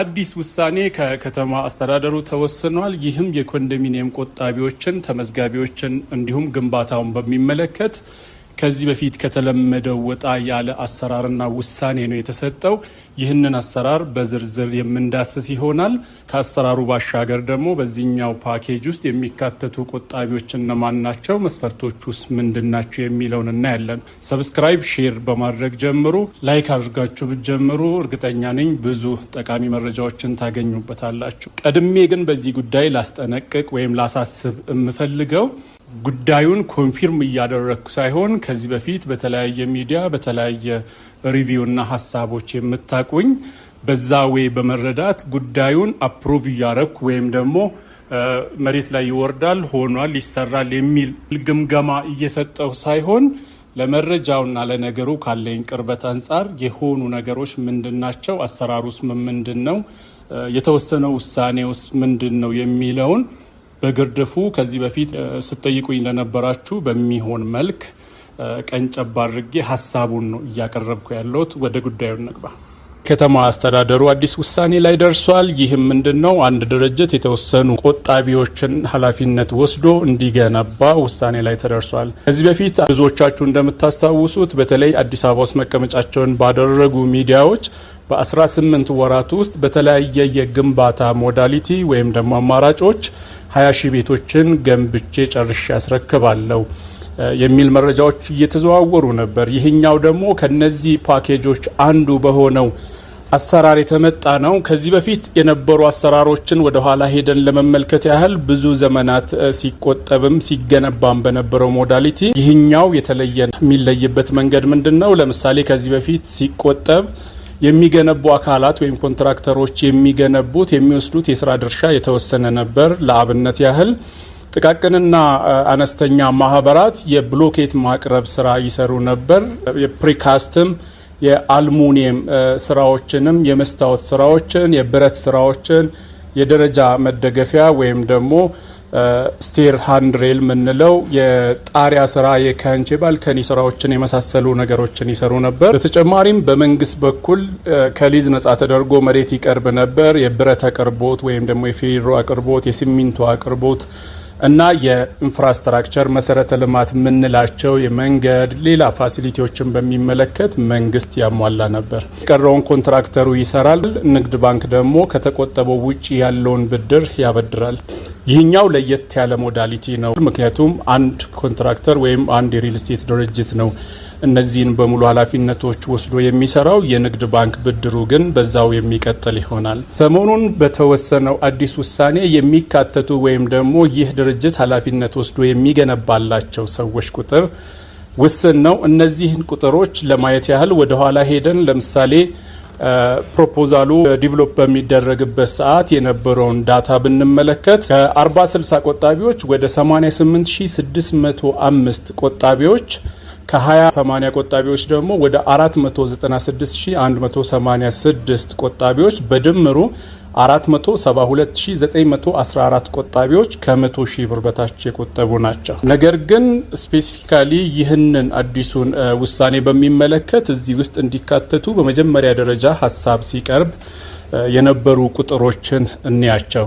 አዲስ ውሳኔ ከከተማ አስተዳደሩ ተወስኗል። ይህም የኮንዶሚኒየም ቆጣቢዎችን፣ ተመዝጋቢዎችን እንዲሁም ግንባታውን በሚመለከት ከዚህ በፊት ከተለመደው ወጣ ያለ አሰራርና ውሳኔ ነው የተሰጠው። ይህንን አሰራር በዝርዝር የምንዳስስ ይሆናል። ከአሰራሩ ባሻገር ደግሞ በዚህኛው ፓኬጅ ውስጥ የሚካተቱ ቆጣቢዎች እነማን ናቸው፣ መስፈርቶች ውስጥ ምንድን ናቸው የሚለውን እናያለን። ሰብስክራይብ፣ ሼር በማድረግ ጀምሩ። ላይክ አድርጋችሁ ብትጀምሩ እርግጠኛ ነኝ ብዙ ጠቃሚ መረጃዎችን ታገኙበታላችሁ። ቀድሜ ግን በዚህ ጉዳይ ላስጠነቅቅ ወይም ላሳስብ የምፈልገው ጉዳዩን ኮንፊርም እያደረግኩ ሳይሆን ከዚህ በፊት በተለያየ ሚዲያ በተለያየ ሪቪው እና ሀሳቦች የምታቁኝ በዛ ወይ በመረዳት ጉዳዩን አፕሩቭ እያረግኩ ወይም ደግሞ መሬት ላይ ይወርዳል፣ ሆኗል፣ ይሰራል የሚል ግምገማ እየሰጠው ሳይሆን ለመረጃውና ለነገሩ ካለኝ ቅርበት አንጻር የሆኑ ነገሮች ምንድን ናቸው፣ አሰራሩስ ምንድን ነው፣ የተወሰነው ውሳኔውስ ምንድን ነው የሚለውን በግርድፉ ከዚህ በፊት ስጠይቁኝ ለነበራችሁ በሚሆን መልክ ቀንጨባ አድርጌ ሀሳቡን ነው እያቀረብኩ ያለሁት። ወደ ጉዳዩ እንግባ። ከተማ አስተዳደሩ አዲስ ውሳኔ ላይ ደርሷል። ይህም ምንድን ነው? አንድ ድርጅት የተወሰኑ ቆጣቢዎችን ኃላፊነት ወስዶ እንዲገነባ ውሳኔ ላይ ተደርሷል። ከዚህ በፊት ብዙዎቻችሁ እንደምታስታውሱት በተለይ አዲስ አበባ ውስጥ መቀመጫቸውን ባደረጉ ሚዲያዎች በ18 ወራት ውስጥ በተለያየ የግንባታ ሞዳሊቲ ወይም ደግሞ አማራጮች 20 ሺህ ቤቶችን ገንብቼ ጨርሼ ያስረክባለሁ የሚል መረጃዎች እየተዘዋወሩ ነበር። ይህኛው ደግሞ ከነዚህ ፓኬጆች አንዱ በሆነው አሰራር የተመጣ ነው። ከዚህ በፊት የነበሩ አሰራሮችን ወደኋላ ሄደን ለመመልከት ያህል ብዙ ዘመናት ሲቆጠብም ሲገነባም በነበረው ሞዳሊቲ ይህኛው የተለየ የሚለይበት መንገድ ምንድን ነው? ለምሳሌ ከዚህ በፊት ሲቆጠብ የሚገነቡ አካላት ወይም ኮንትራክተሮች የሚገነቡት የሚወስዱት የስራ ድርሻ የተወሰነ ነበር። ለአብነት ያህል ጥቃቅንና አነስተኛ ማህበራት የብሎኬት ማቅረብ ስራ ይሰሩ ነበር። የፕሪካስትም የአልሙኒየም ስራዎችንም፣ የመስታወት ስራዎችን፣ የብረት ስራዎችን፣ የደረጃ መደገፊያ ወይም ደግሞ ስቴር ሃንድሬል የምንለው የጣሪያ ስራ፣ የከንቼ ባልከኒ ስራዎችን የመሳሰሉ ነገሮችን ይሰሩ ነበር። በተጨማሪም በመንግስት በኩል ከሊዝ ነጻ ተደርጎ መሬት ይቀርብ ነበር። የብረት አቅርቦት ወይም ደግሞ የፌሮ አቅርቦት፣ የሲሚንቶ አቅርቦት እና የኢንፍራስትራክቸር መሰረተ ልማት የምንላቸው የመንገድ ሌላ ፋሲሊቲዎችን በሚመለከት መንግስት ያሟላ ነበር። የቀረውን ኮንትራክተሩ ይሰራል። ንግድ ባንክ ደግሞ ከተቆጠበው ውጭ ያለውን ብድር ያበድራል። ይህኛው ለየት ያለ ሞዳሊቲ ነው። ምክንያቱም አንድ ኮንትራክተር ወይም አንድ የሪል ስቴት ድርጅት ነው እነዚህን በሙሉ ኃላፊነቶች ወስዶ የሚሰራው። የንግድ ባንክ ብድሩ ግን በዛው የሚቀጥል ይሆናል። ሰሞኑን በተወሰነው አዲስ ውሳኔ የሚካተቱ ወይም ደግሞ ይህ ድርጅት ድርጅት ኃላፊነት ወስዶ የሚገነባላቸው ሰዎች ቁጥር ውስን ነው። እነዚህን ቁጥሮች ለማየት ያህል ወደ ኋላ ሄደን ለምሳሌ ፕሮፖዛሉ ዲቨሎፕ በሚደረግበት ሰዓት የነበረውን ዳታ ብንመለከት ከ 460 ቆጣቢዎች ወደ 88605 ቆጣቢዎች ከ2080 ቆጣቢዎች ደግሞ ወደ 496186 ቆጣቢዎች በድምሩ 472914 ቆጣቢዎች ከ100 ሺህ ብር በታች የቆጠቡ ናቸው። ነገር ግን ስፔሲፊካሊ ይህንን አዲሱን ውሳኔ በሚመለከት እዚህ ውስጥ እንዲካተቱ በመጀመሪያ ደረጃ ሀሳብ ሲቀርብ የነበሩ ቁጥሮችን እንያቸው።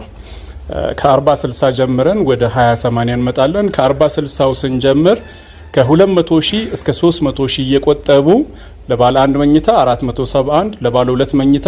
460 ጀምረን ወደ 2080 እንመጣለን። 460 ስንጀምር ከ200 ሺህ እስከ 300 ሺህ እየቆጠቡ ለባለ አንድ መኝታ 471 ለባለ ሁለት መኝታ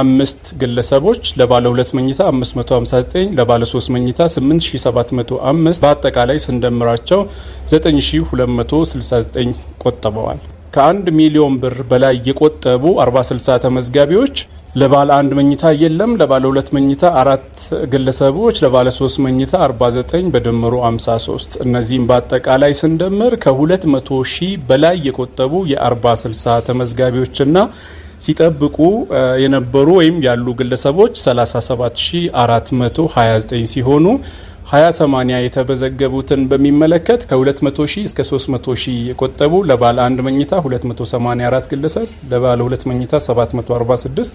አምስት ግለሰቦች ለባለ ሁለት መኝታ 559 ለባለ ሶስት መኝታ 8705 በአጠቃላይ ስንደምራቸው 9269 ቆጥበዋል። ከአንድ ሚሊዮን ብር በላይ የቆጠቡ 46 ተመዝጋቢዎች ለባለ አንድ መኝታ የለም፣ ለባለ ሁለት መኝታ አራት ግለሰቦች፣ ለባለ ሶስት መኝታ 49 በድምሩ 53። እነዚህም በአጠቃላይ ስንደምር ከ200 ሺህ በላይ የቆጠቡ የ40 ተመዝጋቢዎችና ሲጠብቁ የነበሩ ወይም ያሉ ግለሰቦች 37429 ሲሆኑ 28 80 የተመዘገቡትን በሚመለከት ከ200 ሺህ እስከ 300 ሺህ የቆጠቡ ለባለ አንድ መኝታ 284 ግለሰብ፣ ለባለ ሁለት መኝታ 746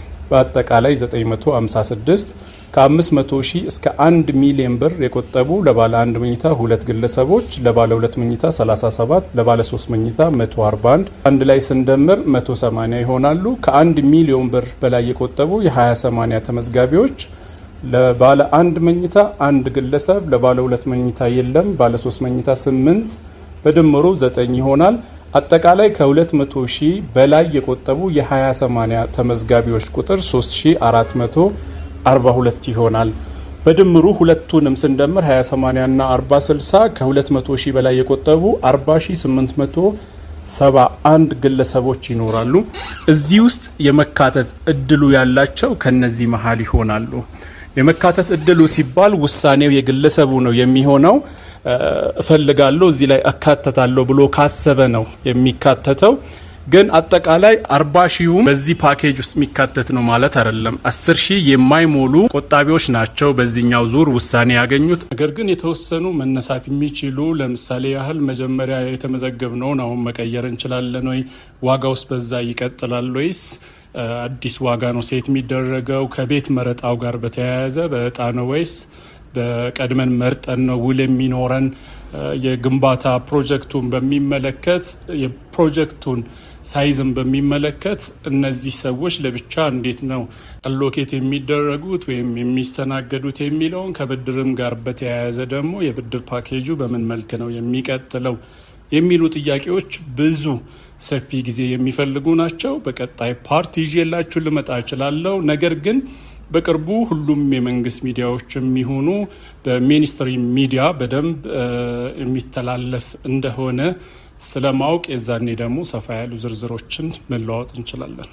በአጠቃላይ 956 ከ500 ሺህ እስከ 1 ሚሊዮን ብር የቆጠቡ ለባለ 1 መኝታ ሁለት ግለሰቦች፣ ለባለ 2 መኝታ 37፣ ለባለ 3 መኝታ 141 አንድ ላይ ስንደምር 180 ይሆናሉ። ከ1 ሚሊዮን ብር በላይ የቆጠቡ የ20/80 ተመዝጋቢዎች ለባለ አንድ መኝታ አንድ ግለሰብ፣ ለባለ ሁለት መኝታ የለም፣ ባለ 3 መኝታ 8 በድምሩ 9 ይሆናል። አጠቃላይ ከ200 ሺህ በላይ የቆጠቡ የ20/80 ተመዝጋቢዎች ቁጥር 3442 ይሆናል። በድምሩ ሁለቱንም ስንደምር 20/80 ና 40/60 ከ200 ሺህ በላይ የቆጠቡ 40871 ግለሰቦች ይኖራሉ። እዚህ ውስጥ የመካተት እድሉ ያላቸው ከነዚህ መሀል ይሆናሉ። የመካተት እድሉ ሲባል ውሳኔው የግለሰቡ ነው የሚሆነው እፈልጋለሁ እዚህ ላይ እካተታለሁ ብሎ ካሰበ ነው የሚካተተው። ግን አጠቃላይ አርባ ሺሁም በዚህ ፓኬጅ ውስጥ የሚካተት ነው ማለት አይደለም። አስር ሺህ የማይሞሉ ቆጣቢዎች ናቸው በዚህኛው ዙር ውሳኔ ያገኙት። ነገር ግን የተወሰኑ መነሳት የሚችሉ ለምሳሌ ያህል መጀመሪያ የተመዘገብነውን አሁን መቀየር እንችላለን ወይ? ዋጋ ውስጥ በዛ ይቀጥላል ወይስ አዲስ ዋጋ ነው ሴት የሚደረገው? ከቤት መረጣው ጋር በተያያዘ በእጣ ነው ወይስ በቀድመን መርጠን ነው ውል የሚኖረን። የግንባታ ፕሮጀክቱን በሚመለከት የፕሮጀክቱን ሳይዝን በሚመለከት እነዚህ ሰዎች ለብቻ እንዴት ነው አሎኬት የሚደረጉት ወይም የሚስተናገዱት የሚለውን ከብድርም ጋር በተያያዘ ደግሞ የብድር ፓኬጁ በምን መልክ ነው የሚቀጥለው የሚሉ ጥያቄዎች ብዙ ሰፊ ጊዜ የሚፈልጉ ናቸው። በቀጣይ ፓርት ይዤላችሁ ልመጣ እችላለሁ። ነገር ግን በቅርቡ ሁሉም የመንግስት ሚዲያዎች የሚሆኑ በሚኒስትሪ ሚዲያ በደንብ የሚተላለፍ እንደሆነ ስለማወቅ የዛኔ ደግሞ ሰፋ ያሉ ዝርዝሮችን መለዋወጥ እንችላለን።